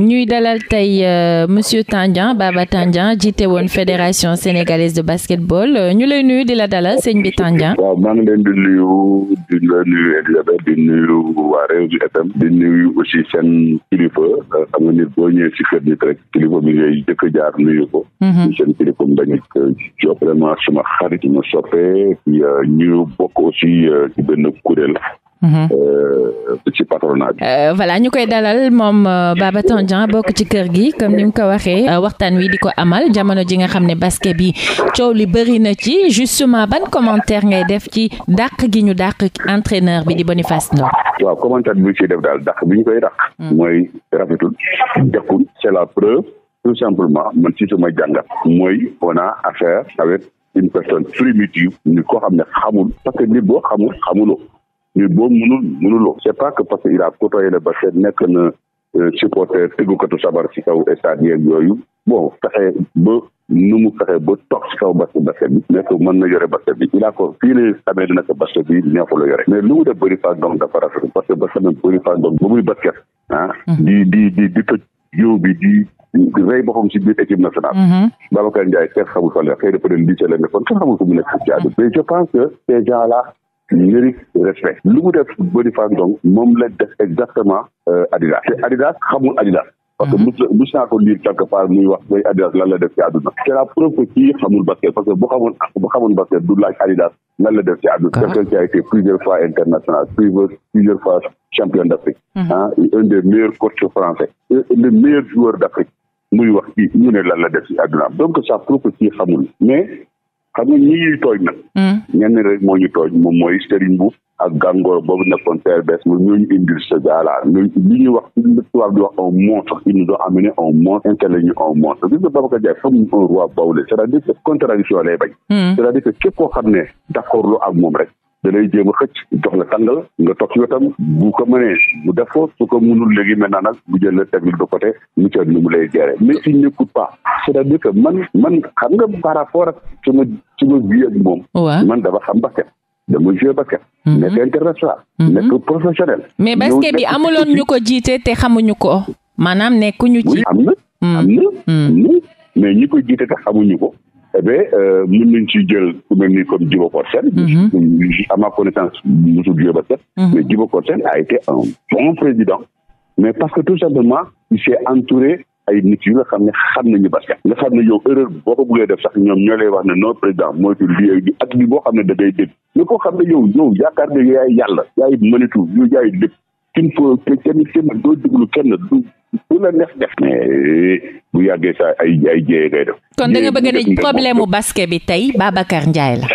ñuy dalal tey euh, monsieur Tandian Baba Tandian jiite woon fédération sénégalaise de basketball euh, ñu lay nuyu di la dalal sëñ bi Tandian. waaw maa ngi leen di nuyu di la nuyu Elisabeth di nuyu waa Rewmi FM di nuyu aussi seen kilifa euh, xam nga nit boo ñëwee si kër nit rek kilifa bi ngay jëkk jaar nuyu ko. Mhm. seen kilifa mu dañu jox suma xarit ma soppee ñu bokk aussi benn kuréel. Mm-hmm. Euh, ci patronat euh, voilà ñu koy dalal moom euh, Baba Tandian bokk ci kër gi comme ni mu ko waxee waxtaan wi di ko amal jamono ji nga xam ne basket bi coow li bëri na ci justement ban commentaire ngay def ci dàq gi ñu dàq entraîneur bi di Boniface Ndong. waaw commentaire bi ñu def daal dàq bi ñu koy dàq. Mm. mooy rafetul dekkul c'est la preuve tout simplement man ci sama jàngat. mooy on a affaire avec une personne primitive. ni koo xam ne xamul parce que boo xamul xamuloo. nit boobu mënul mënuloo c'est pas que parce que il a côtoyé le basket nekk na euh, supporter tëggukatu sabar ci kaw stade yooyu bon fexe ba nu mu fexe ba toog ci kaw basket bi nekk mën na yore basket bi il ko fii la xamee ne nag basket bi neexu yore mais lu mu def bëri faak donc dafa rafetlu parce basket bi bëri faak donc ba muy basket ah mm-hmm. di di di toj yow bi di rey boppam ci biir équipe nationale. Mm-hmm. Babacar fa la xëy na peut être lycée la nekkoon kenn xamul fu mu nekk ci àdduna mais je pense que ces gens lyrique respect lu mu def Boniface Ndong moom la def exactement euh, Adidas te Adidas xamul Adidas parce que mus mm-hmm. mus naa ko lire quelque part muy wax mooy Adidas lan la def ci àdduna c'est que ci àdduna quelqu'un a plusieurs fois international plusieurs plusieurs fois champion d'Afrique mm-hmm. un des meilleurs coachs français le meilleur joueur d'Afrique muy wax kii ñu ne lan la def ci àdduna donc ça que kii xamul mais xam nga ñi ñuy tooñ nag. Hmm. ñenn rek moo ñu tooñ moom mooy Serigne Mboup ak gàngoor boobu nekkoon TRBS moom ñoo ñu indil ce gars-là ñooñu li ñuy wax tubaab di wax un monstre ils nous ont amené un monstre intérêt ñu un monstre gis nga Babacar Diagne comme un roi baoulé c'est-à-dire que contradiction lay bañ. Hmm. c'est-à-dire que képp koo xam ne d'accord lu ak moom rek. da lay jéem a xëcc jox la tàngal nga toog ci wetam bu ko mënee bu def ko su ko mënul léegi maintenant nag bu jël la teg de côté mu cër ni mu lay gérer mais il n'écoute pas c'est-à-dire que man man xam nga par rapport ak sama sama vie ak moom man dama xam basket dama joué basket mm-hmm. nekk international mm-hmm. nekk professionnel mais basket bi amuloon ñu ko jiite te xamuñu ko maanaam nekkuñu ci am na mm. am na mm. mais ñu ko jiite te xamuñu ko eh bien euh, nañ ci jël ku mel ni comme Djibo Kor Sène mhm. à ma connaissance mosul Djibo Kor Sène mhm. mais Djibo Kor Sène a été un bon président mais parce que tout simplement il s'est entouré ay nit yu nga xam ne xam nañu basket nga xam ne yow erreur boo ko bëggee def sax ñoom ñoo lay wax ne non président moytu lii di ak li boo xam ne da ngay dégg mais koo xam ne yow yow yaakaar nga yaay yàlla yaay mënitu yow yaay lépp il pour que kenn kenn doo déglu kenn du du la neex def. mais eh, bu yàggee sa ay ay jéye ngay def. kon da nga bëgg ne problème mu basket bi tey Babacar Ndiaye la.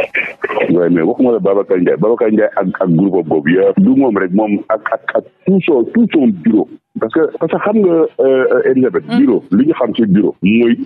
waaye mais waxuma la Babacar Ndiaye Babacar Ndiaye ak ak groupe boobu yëpp. du moom rek moom ak ak ak tout son tout son bureau. parce que parce que xam nga Elisabeth euh, mm. bureau lu ñu xam ci bureau. mooy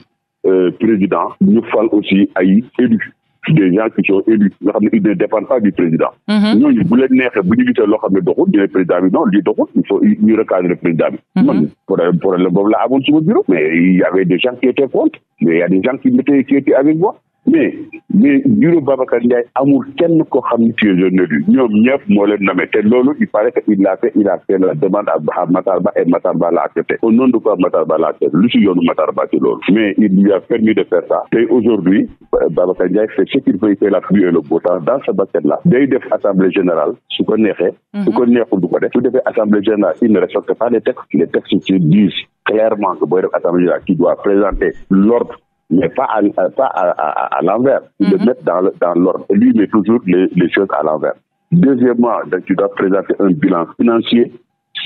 euh, président. ñu fal aussi ay élus. des gens qui sont élus nga xam ne ils ne dépendent président. Mhm. ñooñu bu leen neexee bu ñu gisee loo xam ne doxul ñu ne président bi non lii doxul il faut ñu recadrer président bi. man mhm. problème problème boobu laa amoon suma bureau mais il y avait des gens qui étaient contre mais il y a des gens qui mettaient qui étaient avec moi. mais mais bureau Babacar Ndiaye amul kenn koo xam ne tu es un ñoom ñëpp moo leen nommé te loolu il paraît que il a fait il a fait la demande a Matar Ba et Matar Ba l'a accepté au nom de quoi Matar Ba l'a accepté lu ci yoonu Matar Ba ci loolu mais il lui a permis de faire ça tey aujourd'hui Babacar Ndiaye ce qu'il peut la pluie et le beau dans ce basket là day def assemblée générale su ko neexee mhm. su ko neexul du ko def su defee assemblée générale il ne respecte pas les te les textes qui disent clairement que booy def assemblée générale qui doit mais pas à, euh, pas à, à, à l'envers. Mm -hmm. Le mettre dans, met toujours les, choses à l'envers. Deuxièmement, donc tu dois un bilan financier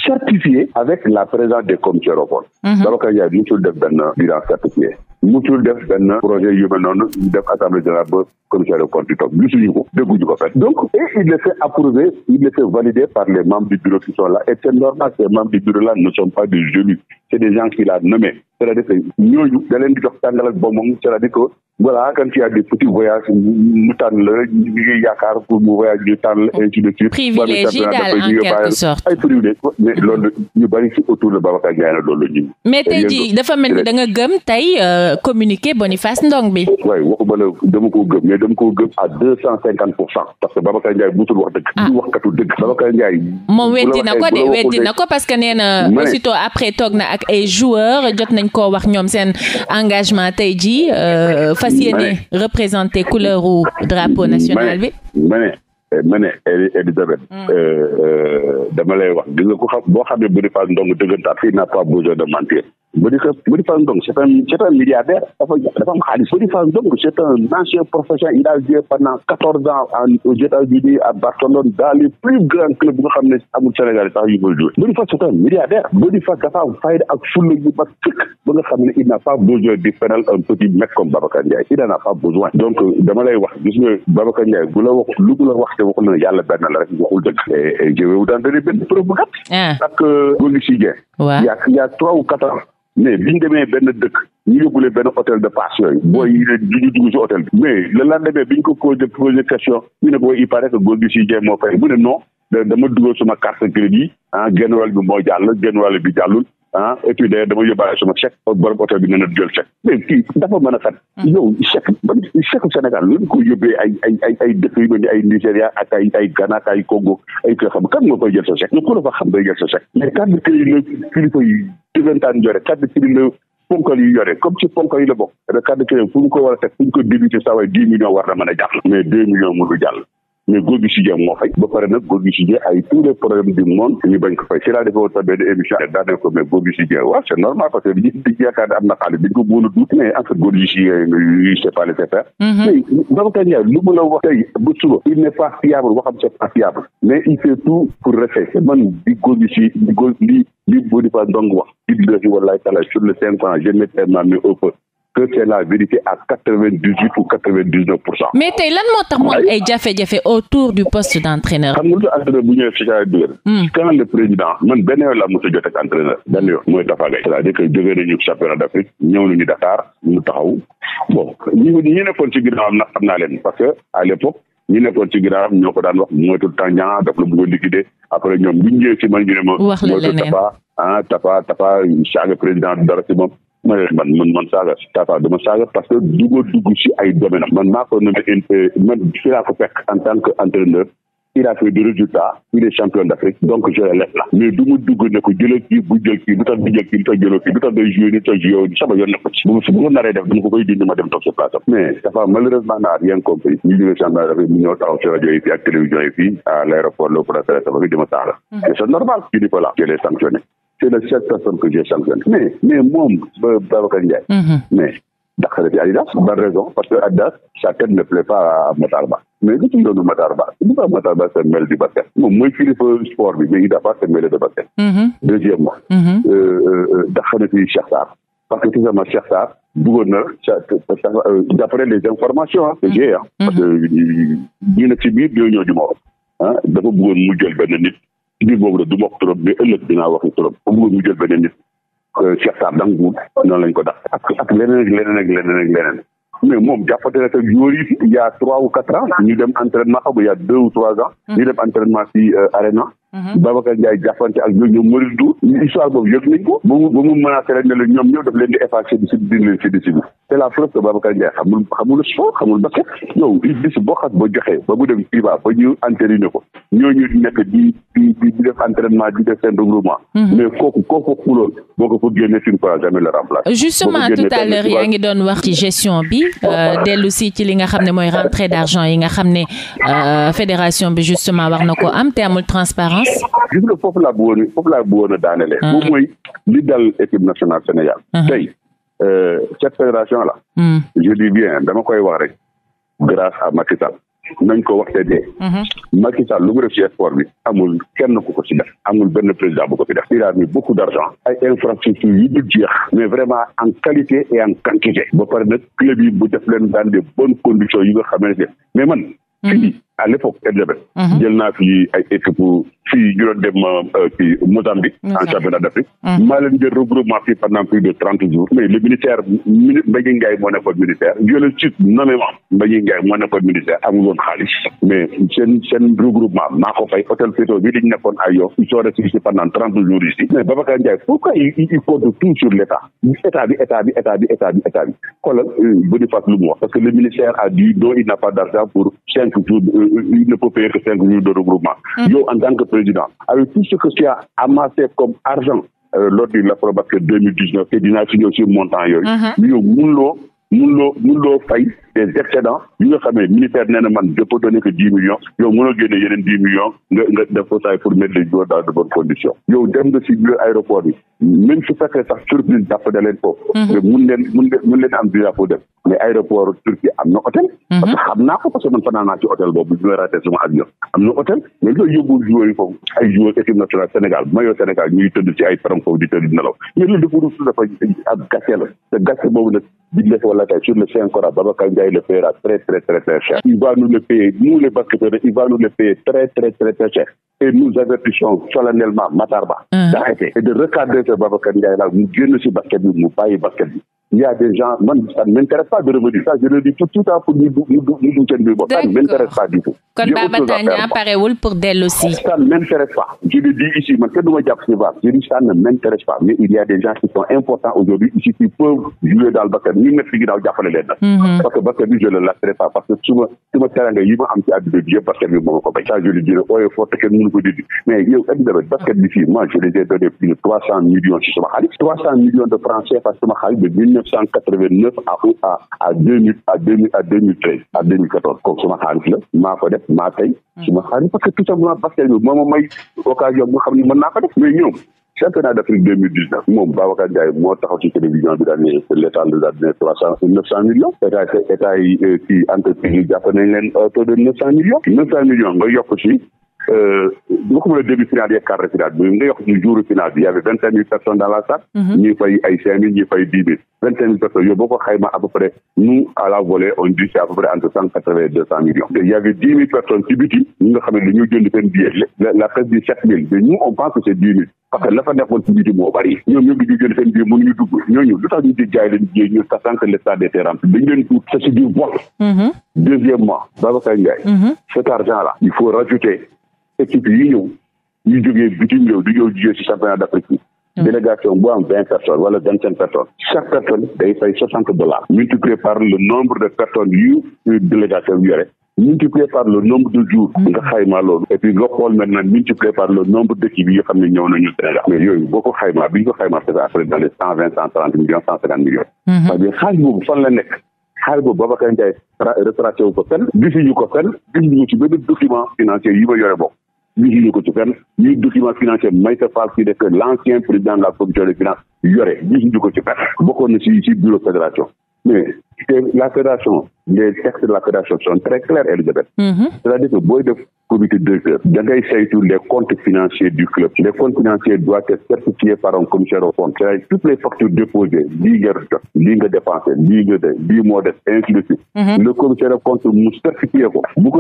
certifié avec la présence des commissaires au mm -hmm. Donc, il y a une chose de bilan certifié. musul def benn projet yu mel noonu ñu def assemblée générale ba commissaire de compte di toog gisuñu ko dégguñu ko fenn donc et il le fait approuver il le fait valider par les membres du bureau qui sont là et c'est normal ces membres du bureau là ne sont pas des élus c'est des gens qu'il a nommés c'est-à-dire que ñooñu da leen di jox tàngal ak bomoom c'est-à-dire que voilà quand il y a des petits voyages mu tànn la ñu ngi yaakaar pour mu voyage ñu tànn la mm. ainsi de en quelque sorte mm. mais tey jii dafa mel ni da gëm tey euh, communiqué Boniface Ndong bi. waaye waxuma la dama koo gëm mais dama koo gëm à deux cent cinquante pour cent parce que Babacar Ndiaye musul wax dëgg. Ah. dëgg Babacar Ndiaye. moom weddi na ko de weddi na ko parce que nee na aussitôt après toog na ak ay joueurs jot nañ koo wax ñoom seen engagement tey jii. Euh, fas représenté couleur ou drapeau national bi ma eh, ne Elisabeth mm. eh, eh, dama lay wax gis nga ko xam boo xamee Boniface Ndong dëggantaan il n'a pas besoin de mentir Modifa Modifa Ndong c'est un c'est dafa dafa xaalis Modifa Ndong c'est un ancien professionnel il a joué pendant quatorze ans aux États-Unis à Barcelone dans les plus grands clubs bu nga xam ne amul Sénégal sax yu koy joué Modifa c'est un milliardaire dafa am fayda ak fulla yu mag sëkk ba nga xam ne il n'a pas besoin di fenal un petit mec comme Babacar Ndiaye il n'en a pas besoin donc dama lay wax gis nga Babacar Ndiaye bu la wax lu mu la wax te waxul na yàlla benn la rek waxul ah. a mais ñu demee benn dëkk ñu yóbbulee benn hôtel de passe yooyu hmm. booy yi ñu dugg si hôtel bi mais le lendemain bi ñu ko posé posé question ñu ne ko il paraît que góor si jee moo fay mu ne non dama dugal suma carte crédit ah genn wàll bi moo jàll genn wàll bi jàllul ah et puis d'ailleurs dama yóbbaale sama chèque borom oto bi nee na jël mais dafa mën a kat hmm. yow chèque ba chèque Sénégal lu ñu ko yóbbee ay ay ay dëkk yu mel ni ay Nigéria ak ay ay Ghana ak ay Congo ay koo xam kan moo koy jël sa chèque ñu ko la fa xam day jël sa chèque mais carte de crédit la kilifa yi dëggantaan yore carte de crédit la ponkal yi yore comme ci ponkal yi la bokk da carte fu ñu ko war a teg fu ñu ko débuté saa waay dix millions war na mën a jàll mais deux millions mënu jàll mais Gorgui Sy Dia moo fay ba pare nag Gorgui Sy Dia ay tous les problèmes du monde ñu bañ ko fay si laa defe woon sa benn émission daanaka ko mais Gorgui Sy Dia waaw c'est normal parce que dañuy dañuy yaakaar ne am na xaalis dañ ko mën a dugg mais en fait Gorgui Sy Dia yi c'est pas le faire mm-hmm. mais Babacar Ndiaye lu mu la wax tey ba suba il n'est pas fiable waxam c'est pas fiable mais il fait tout pour rester man di Gorgui Sy di Gorgui li li Boniface Ndong wax di dëgg walaay talaay sur que c'est la vérité à quatre-vingt-dix-huit ou quatre-vingt-dix-neuf pour cent. mais tey lan moo tax mu am ay jafe-jafe autour du poste d'entraîneur. xam nga yi hmm. man benn yoon la mos benn yoon mooy Tafa Gueye. c'est-à-dire que jógee nañu championnat d'Afrique ñëw nañu Dakar mu taxaw bon ñu ñu nekkoon ci ginnaawam nag xam na leen parce que à l'époque ñu nekkoon ci ginnaawam ñoo ko daan wax moytul Tandian daf la bëgg a liquider après ñoom bu ñu ñëwee ci ñu ne ma. wax la leneen Tafa ah, Tafa Tafa président dara ci moom. ma ne man man man saaga Tata dama saaga parce que dugg dugg ci ay domaine man maa ko nommé euh, man fi laa ko fekk en tant que entraîneur il a fait des résultats il est champion d'Afrique donc je le laisse là mais du ma dugg ne ko jëlal kii bu jël kii bu tax du jël kii bu tax jëloo kii bu tax day joué ni tax joué ni sama yoon ne ko ci bu bu ko naree def dama ko koy dindi ma dem toog sa place mais dafa malheureusement naa rien compris ñu jógee champion d'Afrique mu ñëw taxaw ci rajo yi fii ak télévision yi fii à ce la seule personne a j'ai sanctionné mais mais moom Babacar Ndiaye mm-hmm. mais dàq na fi Adidas par raison parce que Adidas sa tête ne plaît pas a Matar mais lu tudd doonu Matar lu tax Matar Ba se mêle du basket moom mooy kilifa sport bi mais i n'a pas se mêler de basket mm-hmm. deuxièmement mm-hmm. euh, euh, dàq na fi Cheikh Sarr parce que tout simplement Cheikh Sarr bëggoon na euh, d'après les informations ah que j'ai ah parce ñu nekk ci biir ñoo ñoo di ma ah dafa bëggoon mu jël benn nit ci biir boobu nag du ma wax trop mais ëllëg dinaa wax trop ba mu jël beneen nit euh, Cheikh Sarr da nga guut noonu lañ ko def ak ak leneen ak leneen ak leneen ak leneen mais moom jàppate na ak a trois ou quatre ans ñu dem entraînement xam nga a deux ou trois ans ñu dem entraînement ci euh, Arena Mhm. Babacar Ndiaye jàppante ak ñoom ñoom Maurice Dour histoire boobu yëg nañ ko ba mu ba mu menacé rek ne leen ñoom ñëw daf leen di effacé di si din leen si di si bi c'est la preuve que Babacar Ndiaye xamul di di di def entraînement di def seen regroupement mhm. mais kooku kooku xuloon boo ko fa génnee suñu fois jamais le remplacer justement tout à l'heure yaa ngi doon wax ci gestion bi euh, dellu ci li nga xam ne mooy rentrée d'argent yi nga xam ne euh, fédération bi justement war na ko am te amul France. gis nga foofu laa bëggoon foofu laa bëggoon a daanelee. Mm. moom mooy li dal équipe nationale Sénégal. Mm-hmm. tey euh, cette fédération là. Mm. je dama koy wax rek. grâce à Macky Sall nañ ko waxte dee. Mm-hmm. Macky Sall lu mu def ci sport bi amul kenn ku ko ci def amul benn président bu ko fi def. il a mis beaucoup d' argent. ay infrastructures yu dul jeex. mais vraiment en qualité et en quantité. ba pare club yi bu def leen dans de bonnes conditions yi nga xamante ne mais man. Mm-hmm. fii fi ay fii ñu dem euh, Mozambique. en championnat d' Afrique. Mm. maa jël regroupement fii pendant plus de trente jours. mais le ministère mini Mbengue moo nekkoon ministère. jële ci nommément Mbengue Ndiaye moo nekkoon ministère amul xaalis. mais seen regroupement maa ko fay hôtel Feto bii nekkoon ay yoon. ils sont pendant trente jours ici. mais Babacar Ndiaye pourquoi il il compte tout sur l' état. bi état bi état bi état bi état bi xoolal euh, Boniface lu mu parce que le a a président avec tout ce que tu as amassé comme argent euh, lors du Afrobasket 2019 te dinaa fi ñëw si montant yooyu. Uh-huh. yow mënuloo mënuloo mënuloo fay des excédents yi nga xam ne ministère nee na man je peux donner que dix millions yow mënoo génne yeneen dix millions nga nga def ko dem nga su fekkee da mhm. mhm. avion am na hôtel mais loolu yóbbul foofu ay joueurs équipe nationale Sénégal maillot Sénégal ñuy tëdd ci ay tronc foofu di tëdd nelaw mais loolu dafa ruus dafa ak gàcce la te gàcce boobu nag biñ la Balaka sur le 5 ans, Babacar Ndiaye le paiera très, très, très, très le payer, nous les basketteurs, il nous le payer Matarba d'arrêter et de recadrer ce Babacar Ndiaye là, mu génn si basket bi mu bàyyi y a des gens man ça ne m'intéresse pas de revenir ça je le dis tout tout à pour ñu ñu ñu kenn bi bon ça ne m'intéresse pas du tout. kon Baba Tandian parewul pour dellusi. ça ne m'intéresse pas je le dis ici man kenn du ma jàpp si baax je dis ça ne m'intéresse pas il y a des gens qui sont importants aujourd'hui ici qui peuvent jouer dans le basket ñu nekk si ginnaaw jàppale leen nag. Mhm. parce que basket bi je le lasserai pas parce que su ma su ma teranga yi ma am ci àdduna bi si sama xaalis trois cent millions de 1989 à août à à 2000 à 2000 à 2013 à 2014 comme suma xaalis la maa ko def maa tey suma xaalis parce tout simplement parce que moom moo may occasion bu xam ne naa ko def mais ñoom championnat d'Afrique 2019 moom Babacar Ndiaye moo taxaw ci télévision bi daal ne l'état la daal ne trois neuf cent millions état état euh, entreprise yi jàpp nañ neuf cent millions neuf cent millions nga yokk ci bu euh, ma ko mënee début final yeeg quart de finale bi nga yokk ñu jour final bi y avait vingt cinq mille personnes dans la salle. Mhm. ñuy fay ay cinq mille ñuy fay dix mille. vingt cinq mille personnes yooyu boo ko xayma à peu près nous à la volée on dit c'est à peu près entre cent quatre vingt deux cent millions. te y avait dix mille personnes ci biti ñi nga xam ne dañoo jënd seen billet la la presse dit sept mille mais nous on pense que c'est dix mille. parce que la fa nekkoon ci biti moo bari. ñoom ñoom dañoo jënd seen billet mënuñu dugg ñooñu lu tax ñu di jaay leen billet ñu sachant que le stade était rempli dañu leen tuut c'est du vol. Mhm. deuxièmement Babacar Ndiaye. Mhm. cet argent là il faut rajouter équipe yi ñëw ñu jógee bitim réew di ñëw jugee ci championnat d'Afrique bi mm. am vingt personnes wala vingt personnes chaque personne day fay soixante dollars multiplié par le nombre de personnes yu délégation bi yore multiplié par le nombre de jours mm. nga xayma loolu et nga xool maintenant multiplié par le nombre d'équipes yi xam ne ñëw nañu Sénégal mais yooyu boo ko xayma bi ñu ko xayma c'est à peu cent vingt cent trente millions cent cinquante millions parce mm-hmm. que xaalis ñu jugé ko ci fenn ñuy document financier Maïssa Fall si def l'ancien président de la commission des finances yore ñu jugé ko ci fenn bokkoon si si bureau fédération mais la fédération les textes de la fédération sont très clairs Elisabeth mm -hmm. c'est-à-dire que booy def comité directeur da ngay saytu les comptes financiers du club les comptes financiers doivent être par un commissaire aux comptes c'est-à-dire toutes les factures déposées lii nga jot lii nga dépensé lii moo def ainsi mm-hmm. le commissaire aux mu certifié ko bu ko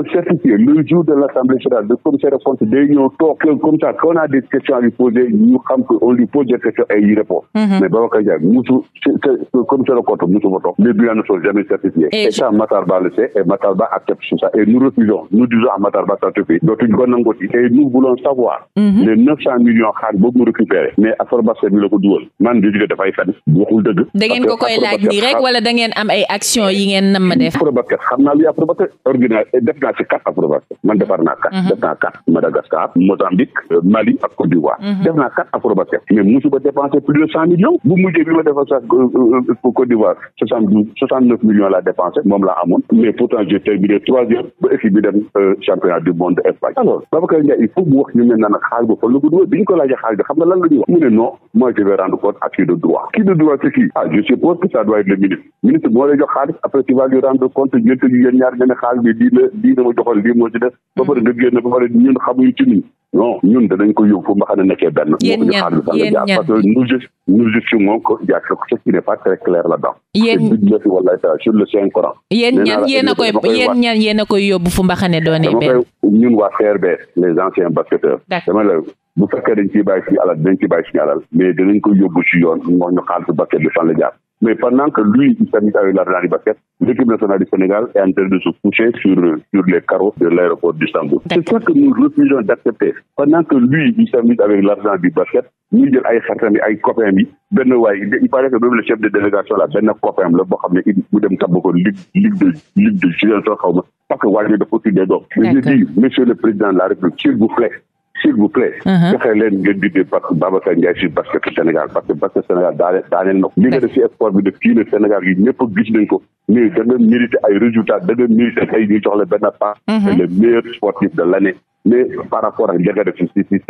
le jour de l'assemblée générale le commissaire aux day ñëw toog a mm-hmm. commissaire aux comptes musu toog ne sont jamais certifiées. Et, et ça Matar Ba le sait et Matar Ba accepte ça et nous refusons nous disons à Matar Ba certifié dootuñu ko nangooti et nous voulons savoir. Mhm. les neuf cent millions xaalis boobu mu récupéré mais Afrobasket mi la ko dugal man di jóge dafay fen waxul dëgg. da ko koy laaj nii rek wala da am ay action yi ngeen nam ma def. naa luy Afrobasket organa Mali ak Côte d'Ivoire. Mhm. def naa quatre Afrobasket mais musu ba dépenser plus de cent soixante neuf millions la dépensé moom laa amoon mais pourtant j'ai terminé troisième ba équipe bi dem euh, championnat du monde Espagne alors Babacar Ndiaye il faut mu wax ñu ne naan xaalis ba fan la ko dugal bi ñu ko laajee xaalis bi xam nga lan la wax mu ne non moi je vais compte à qui de droit qui de droit c'est qui ah je suppose que ça doit être ministre ministre moo lay jox xaalis après tu vas lui rendre compte yéen ñaar nga na dii na ma non ñun danañ ko yóbbu fu ma nekkee benn. yéen ñan yéen ñan parce que y a ce qui n'est pas très clair là-dedans. yéen le Saint Coran. yéen ñan koy yéen ñan yéen a koy yóbbu fu ma xam doonee benn. ñun waa CRBS les anciens basketteurs. dama la bu fekkee dañ ciy bàyyi suñu alal dinañ ci bàyyi suñu alal mais danañ ko yóbbu si yoon moo ñu xaalis basket bi fan la jaar. Mais pendant que lui, il s'amuse avec la Renari Basket, l'équipe nationale du Sénégal est en train de se coucher sur, les carreaux de l'aéroport du C'est ça que nous refusons d'accepter. Pendant que lui, il avec l'argent du basket, ñu jël ay xaritam yi ay copain yi benn waay il paraît que même le chef de délégation la benn copain la boo xam ne mu dem tabb ko ligue ligue de ligue de Ziguinchor xaw ma parce que waa ji dafa aussi doom. monsieur le président de s'il vous plaît. Uh-huh. fexe leen ngeen basket Sénégal parce que basket Sénégal daane daaneel na ko. li nga def bi de fii Sénégal yi ñëpp gis nañ ko mais da nga ay résultats da nga ay ñuy jox uh-huh. par rapport ak jaga def si si si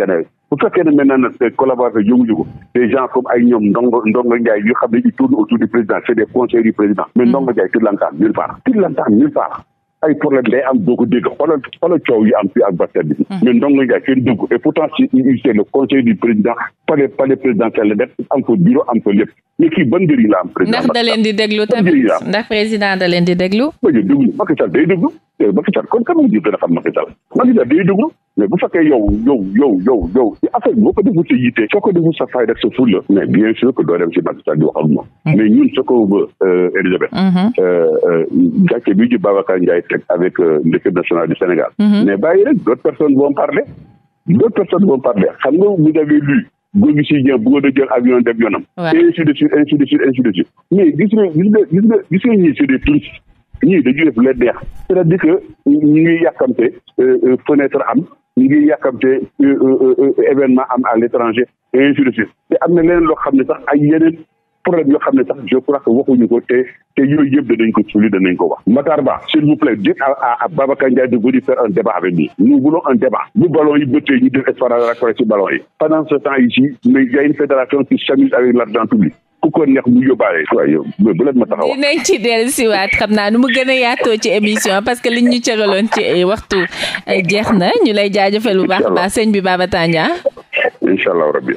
bu fekkee ne maintenant nag ses collaborateurs yëngu-yëngu des comme ay ñoom Ndongo Ndongo Ndiaye xam ne ils tournent autour du président c'est des conseillers du président. mais uh-huh. Ndongo Ndiaye tu l'entends nulle part. ay problème day am doo ko dégg xoolal xoolal coow yi am fii ak Bassirou bi hmm. mais Ndongo Ndiaye kenn dégg et pourtant si c'est conseil du président palais palais présidentiel la def am ko bureau am ko lépp mais kii ban la am ndax da di déglu tamit ndax président da di déglu ba ñu day déglu Macky Sall kon kan mujj dana xam Macky Sall Macky Sall day déglu mais bu fekkee yow yow yow yow yow ci affaire bi boo ko defu sa yitte soo ko defu sa fay rek sa fulla mais bien sûr que doo dem si Macky Sall di wax ak moom mm-hmm. mais ñun ce que euh, Elisabeth mm-hmm. euh, euh, gàcce bi ji Babacar Ndiaye teg avec l'équipe nationale du Sénégal mm-hmm. mais bàyyi rek d'autres personnes vont parler d'autres personnes vont parler xam nga vous avez lu si ñëw bëggoon a jël avion dem yoonam mais gis nga gis nga ñii dañuy def leen neex c'est-à-dire que ñu ngi yàkkamte euh, euh, fenêtre am ñu ngi yàkkamte euh, événement am à l'étranger et ainsi de suite te am na leneen loo xam ne sax ay yeneen problème yoo xam ne sax je crois que waxuñu ko te te yooyu yëpp danañ ko suuli danañ ko wax Matar Ba s'il vous plaît dites à à Babacar Ndiaye de venir faire un débat avec nous nous voulons un débat bu ballon yi bëttee ñu def espoir raccoré ci ballon yi pendant ce temps ici mais il a une fédération qui s'amuse avec ku ko neex bu yóbbaale waaye yow bu leen ma taxaw dinañ ci dellu siwaat xam naa ni mu gën a yaatoo ci émission parce que liñ ñu cëraloon ci eh, waxtu ay eh, jeex na ñu lay jaajëfal bu baax a bi Baba Tandian incha allah rabbi